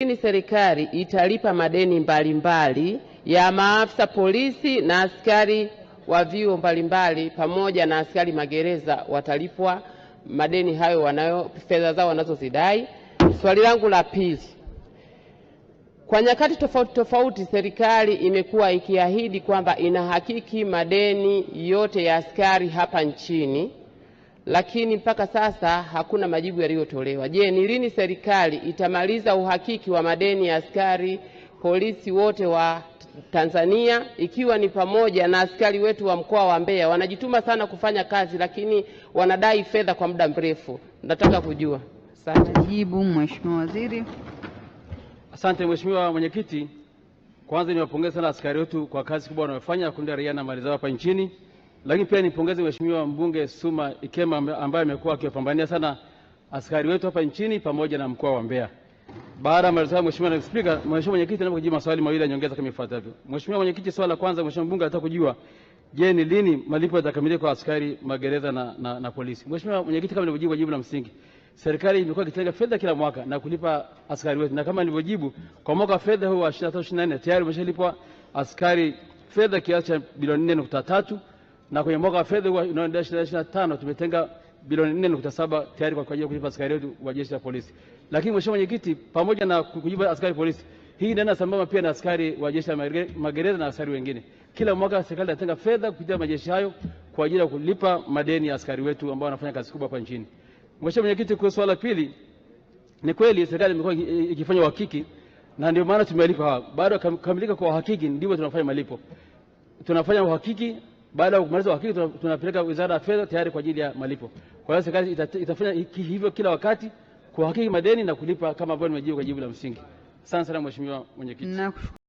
Lakini serikali italipa madeni mbalimbali ya maafisa polisi na askari wa vyuo mbalimbali pamoja na askari magereza watalipwa madeni hayo wanayo fedha zao wanazozidai. Swali langu la pili, kwa nyakati tofauti tofauti serikali imekuwa ikiahidi kwamba inahakiki madeni yote ya askari hapa nchini lakini mpaka sasa hakuna majibu yaliyotolewa. Je, ni lini serikali itamaliza uhakiki wa madeni ya askari polisi wote wa Tanzania ikiwa ni pamoja na askari wetu wa mkoa wa Mbeya? Wanajituma sana kufanya kazi, lakini wanadai fedha kwa muda mrefu. Nataka kujua. Asante. Jibu Mheshimiwa Waziri. Asante Mheshimiwa Mwenyekiti, kwanza niwapongeze sana askari wetu kwa kazi kubwa wanayofanya kulinda raia na mali zao hapa nchini. Lakini pia nipongeze Mheshimiwa mbunge Suma Ikema ambaye amekuwa akiwapambania sana askari wetu hapa nchini pamoja na mkoa wa Mbeya. Baada ya maliza, Mheshimiwa Naibu Spika, Mheshimiwa Mwenyekiti, naomba kujibu maswali mawili ya nyongeza kama ifuatavyo. Mheshimiwa Mwenyekiti, swali la kwanza, Mheshimiwa mbunge anataka kujua je, ni lini malipo yatakamilika kwa askari magereza na, na, na polisi? Mheshimiwa Mwenyekiti, kama nilivyojibu jibu la msingi, serikali imekuwa ikitenga fedha kila mwaka na kulipa askari wetu, na kama nilivyojibu kwa mwaka wa fedha huu wa 23 24 tayari umeshalipwa askari fedha kiasi cha bilioni 4.3 na kwenye mwaka wa fedha unaoendelea 2025 tumetenga bilioni 4.7 tayari kwa ajili ya kulipa askari wetu wa jeshi la polisi. Lakini mheshimiwa mwenyekiti, pamoja na kujipa askari polisi, hii inaenda sambamba pia na askari wa jeshi la magereza na askari wengine. Kila mwaka serikali inatenga fedha kupitia majeshi hayo kwa ajili ya kulipa madeni ya askari wetu ambao wanafanya kazi kubwa hapa nchini. Mheshimiwa mwenyekiti, kwa swala pili, ni kweli serikali imekuwa ikifanya uhakiki na ndio maana tumelipa hawa. Baada ya kukamilika kwa uhakiki, ndivyo tunafanya malipo, tunafanya uhakiki baada ya kumaliza uhakiki tunapeleka Wizara ya Fedha tayari kwa ajili ya malipo. Kwa hiyo serikali itafanya hivyo kila wakati kuhakiki madeni na kulipa kama ambavyo nimejibu kwa jibu la msingi. Asante sana Mheshimiwa Mwenyekiti.